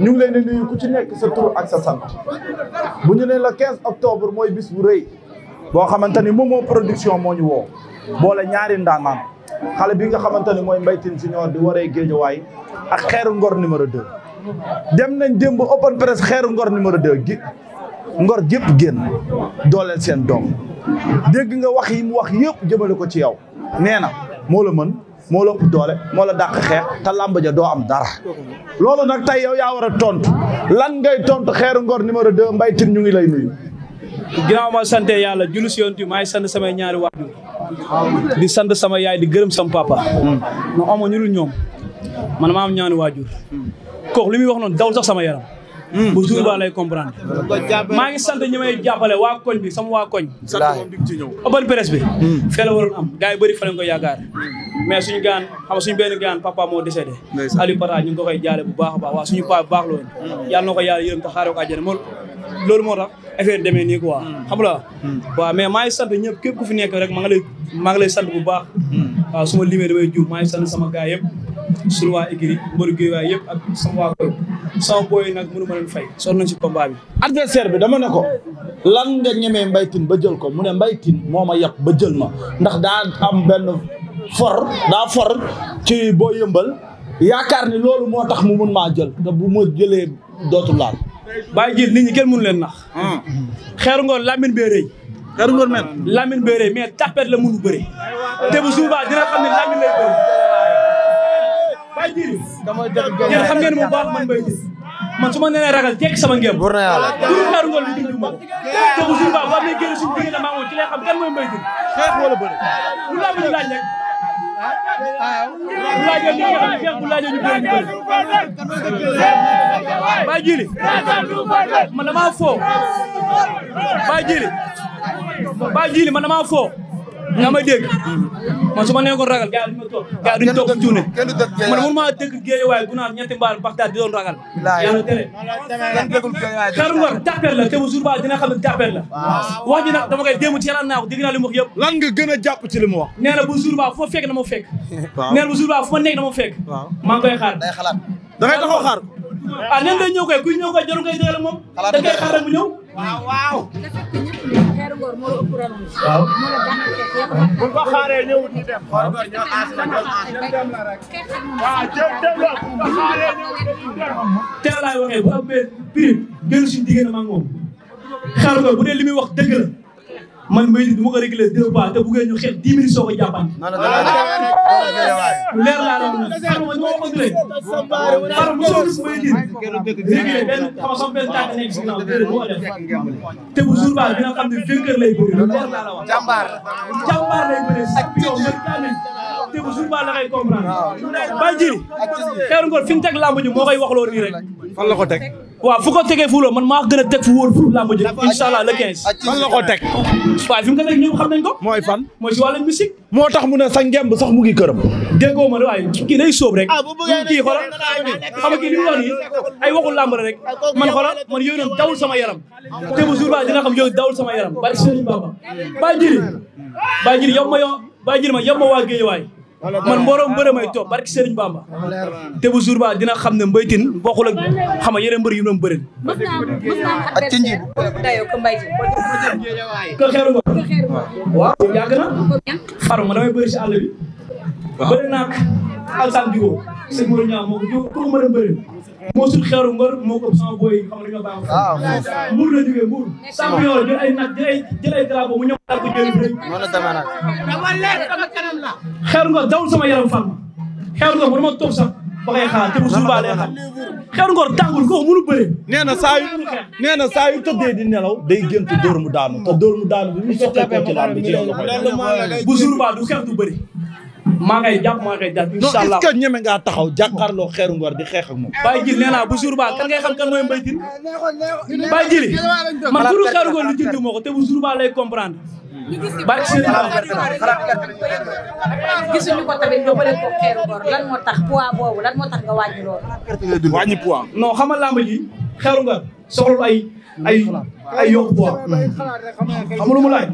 ñu ngi leen di nuyu ku ci nekk sa tur ak sa sant bu ñu nee la 15 octobre mooy bis bu rëy boo xamante ni moom moo production moo ñu woo boole ñaari ndaanaan xale bi nga xamante ni mooy Mbaye si Junior di waree Géejawaay ak Xeeru Ngor numéro 2. dem nañ démb open press Xeeru Ngor numéro 2 gi Ngor gépp génn dooleel seen doom dégg nga wax yi mu wax yëpp jëmale ko ci yow nee na moo la mën. moo la doole moo la dàq xeex te làmb ja doo am dara loolu nag tey yow yaa war a tontu lan ngay tontu xeeru ngor numéro 2 Mbaye Tine ñu ngi lay nuyu. ginnaaw ma sant yàlla julli si yoon bi maa ngi sant samay ñaari waajur di sant sama yaay di gërëm sama papa. ma amoon ñu dul ñoom man maa am ñaari waajur. kooku li muy wax noonu dawul sax sama yaram. Hmm. bu jour ba lay comprendre. maa ngi sant ñi may jàppale waa koñ bi sama waa koñ. sant moom dig ci ñëw. open presse bi. Hmm. fee la am gars yi bëri fa lañ ko yaakaar. Hmm. mais suñu gaan xam suñu benn gaan papa moo décédé. Aliou Pata ñu ko koy jaale bu baax a baax waa suñu paa bu baax la woon. yàlla na ko yàlla yërëm te xaaral ko àjjana moom loolu moo tax affaire demee nii quoi. xam nga waaw maa ngi sant ñëpp képp ku fi nekk rek maa ngi lay maa ngi lay sant bu baax. waaw ma limee damay juum maa ngi sama gars yëpp suñu waa écurie mbëru Guèye yëpp ak sama sama booy nag mënu ma leen soon na nañ ci combat bi. adversaire bi dama ne ko lan nga ñemee mbaytin ba jël ko mu ne mbaytin moo ma yàpp ba jël ma ndax daa am benn for daa for ci boo yëmbal yaakaar ni loolu moo tax mu mun maa jël te bu ma jëlee dootul laal. bàyyi jël nit ñi kenn mënu leen nax. xeeru ngoon lamine bee rëy. xeeru ngoon men lamine bee rëy la mënu bëri. te bu suubaa dina xam ne lamine lay bëri. bàyyi jël yéen xam ngeen mu baax man bay jël. man su ma nee ragal tekki sama ngëm. wóor na yàlla lu xaar nga lu dund ma ko. te bu suñu baax war nañ génn suñu diggante maa moom ci lay xam kan mooy mbay mi. xeex wala bëri. bu laa bëgg laaj rek. bu laajee ñu xeex xeex bu laajee ñu bëri ñu bëri. Baye Djili. man damaa foo. Baye Djili. Baye Djili man damaa foo. nga ma nekkoon ma toog gars yi duñ toog cuune man mun maa dëgg géej waaye bu naan ñetti mbaal di doon ragal yàlla tere xar la te bu jour dina xam ne la wax ji nag dama koy démb ci yalaan naa na bu jour ba fu ma fekk na ma fekk nee na bu jour nekk na ma fekk maa ngi koy xaar day xalaat da ngay taxaw xaar koy ah, kuy ñëw koy jarul koy déglu moom da ngay mu ñëw waaw. Ah. bu ko xaaree ñëwul ñu dem. waaw waaw jël dem la rek. waaw jël dem la bu ko xaaree ñëwul ñu dem. teel laay waxee bu amee prix dellu si diggante ma ak moom. xaaral ko bu dee li muy wax dëgg la. man mbay mi du ma ko te bu ngeen ñu xeex dix minutes soo ko jàppandi. non non non leer laa doon xam nga ñoo bëgg rek. par mosoo gis mbay diin réglé benn xam xam benn tànk te bu jour ba dina xam ne vainqueur lay bëri leer laa la wax. jàmbaar jàmbaar lay bëri ak yow man kaamil te ba la koy comprendre. waaw bàyyi jiri xeeru ngor fi mu teg làmb ji moo koy waxloo nii rek. la ko teg. waaw fu ko tegee fu man maa gën a teg fu wóor fu làmb ji incha allah le 15. fan ah, la ko teg. waaw fi mu ko teg ñoom xam nañ ko. mooy fan moo si wàllum musique. moo tax mu ne sa ngemb sax mu ngi këram. déggoo ma ne waaye kii day sóob rek. Ah, kii xoolal xam nga kii li mu wax nii ay waxul làmb rek ah, man xoolal man yooyu noonu dawul sama yaram te bu jour ba dina xam yooyu dawul sama yaram. bàyyi Serigne Baba bàyyi Jiri yow ma yow bàyyi Jiri ma yow ma waa Guédiawaye man mbooroom mbërë may topp barki Serigne Bamba te bu jour ba dina xam ne Mbaye Tine bokkul ak xam nga yeneen mbër yu doon bëri. mos naa mos naa am adversaire dayoo ko Mbaye Tine. kër xeeru nga. waaw yàgg na xaru ma damay bëri si àll bi. bëri naa Alassane Diouf sëñ Mor Niang moo ko jóg ko mën a bëri moo sut xeeru ngor moo ko sama booy yi xam ne ñoo baax mbuur la jógee mbuur champion jël ay nag jël ay jël ay drapeau mu ñëw daal nee na saa yu nee na saa di nelaw day gént dóor mu daanu te dóor mu daanu bu ñu soxla ko ci laam bi ci yow bu du xeex du bëri maa ngay jàpp maa ngay jàpp incha allah non est-ce que ñeme ngaa taxaw jàkkaarloo xeeru ngor di xeex ak moom. Baye Jili nee bu jour ba kan xam kan mooy Mbaye Tine. Baye Jili man turu xeeru ngor lu jënd moo ko te bu jour ba lay comprendre. Baye Jili gisuñu ko tamit nga bële ko xeeru ngor lan moo tax poids boobu lan moo tax nga wàññi loolu. wàññi poids. non xamal làmb ji xeeru ngor soxla ay. ay ay yokku poids. xam nga lu mu laaj.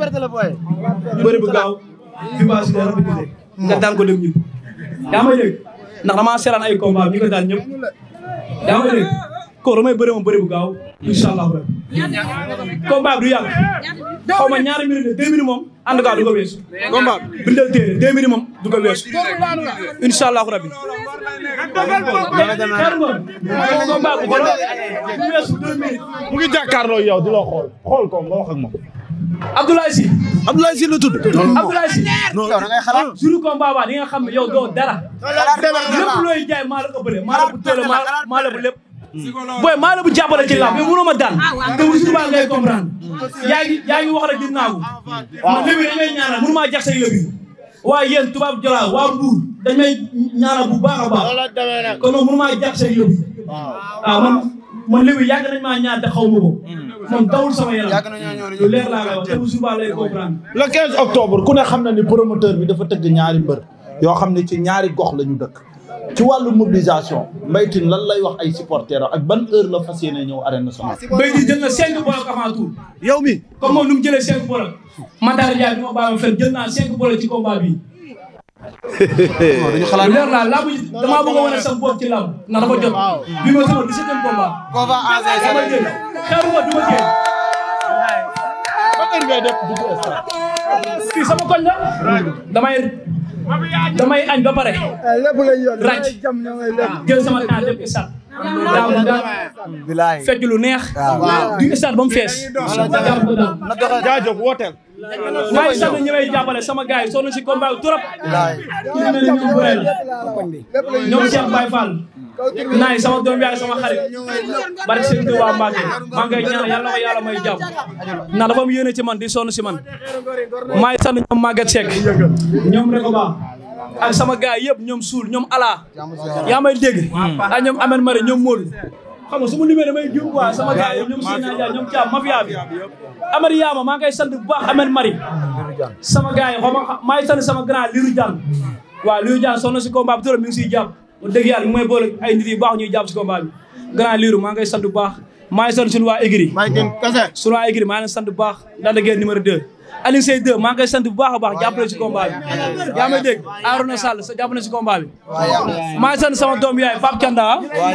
bëri nga daan ko dem ñëpp. yaa may dégg ndax damaa seeraan ay combat ñu ko daan ñëpp yaa may dégg ko damay bëri ma bëri bu gaaw incha allah rek combat bi du yàgg xaw ma ñaari minutes deux minutes moom en tout cas du ko weesu. combat bi ñu téere deux minutes moom du ko weesu incha allah rabbi. combat bu ko weesu deux minutes. mu ngi jàkkaarloo yow di la xool xool ko nga wax ak moom. Abdoulaye Sy. Abdoulaye Sy la tudd. Abdoulaye Sy. yow da ngay xalaat juru di nga xam ne yow doo dara. lépp looy jaay maa a ëppale maa la bu tële maa la bu lépp. Hmm. booy maa la bu jàppale ci làmb ah, mais mënoo ma daan ah, te bu subaa ngay comprendre. Hmm. yaa ngi yaa ngi wax rek di naagu. Ah, waaw léegi dañ may ñaanal maa jax say léegi. waaye tubaab Jola waa Mbour dañ may ñaanal bu baax a baax. kon nag mënu maa jax say léegi. waaw man man léegi maa ñaan te xaw ma man dawul sama yaram lu leer laa wax te bu subaa octobre ku ne xam na ni promoteur bi dafa tëgg ñaari mbër yoo xam ne ci ñaari gox la ñu dëkk. ci wàllu mobilisation Mbaye Tine lan lay wax ay supporters ak ban heure la fas yéene ñëw arène nationale. Ah, Mbaye Tine jël na cinq bolok avant tout. yow mi comme moom nu mu jëlee cinq bolok. Matar Ndiaye bi ma bàyyi ma fenn jël naa cinq bolok ci combat bi. dañu xalaat leer naa làmb ji damaa bëgg a wane sax ci làmb na dafa jot bi mooy sama dix-septième combat combat dama jël xeeruma duma jël ba heure ngay def dugg instant fii sama koñ la damay damay añ ba pare eh, lépp lañ yoon ràcc ah, jël sama temps dem instant daaw na lu neex. waaw du stade ba mu fees. jaajëf wooteel. waaye sax ñu sama gars yi sonn si combat bi trop. ñoom Burel ñoom Cheikh naay sama doom yaay sama xarit bari sëñ bi waa maa ngay ñaan yàlla may jàmm ndax dafa am yéene man di sonn si man. maa ngi sant ñoom Maguette Seck ak sama gars yëpp ñoom suul ñoom ala yaa may dégg ak ñoom amen mari ñoom móolu xam nga su ma limee damay juum sama gars yi ñoom Sina Dia ñoom Thiam mafia bi Yaama maa ngi koy sant bu baax Amady Mari sama gars yi xaw maa ngi sant sama grand Lirou Diane waaw Lirou Diane sonn si combat bi trop mi ngi siy jàpp wax dëgg yàlla mooy boole ay nit yu baax ñuy jàpp si combat bi grand Lirou maa ngi koy sant bu baax maa ngi sant suñu waa Igri suñu waa Igri maa ngi leen sant bu baax Lac de Guiers Alioune Seye 2 maa ngi koy sant bu baax a baax jàppale si combat bi yaa may dégg Arouna Sall jàpp na si combat bi maa ngi sant sama doom yaay Pape Kanda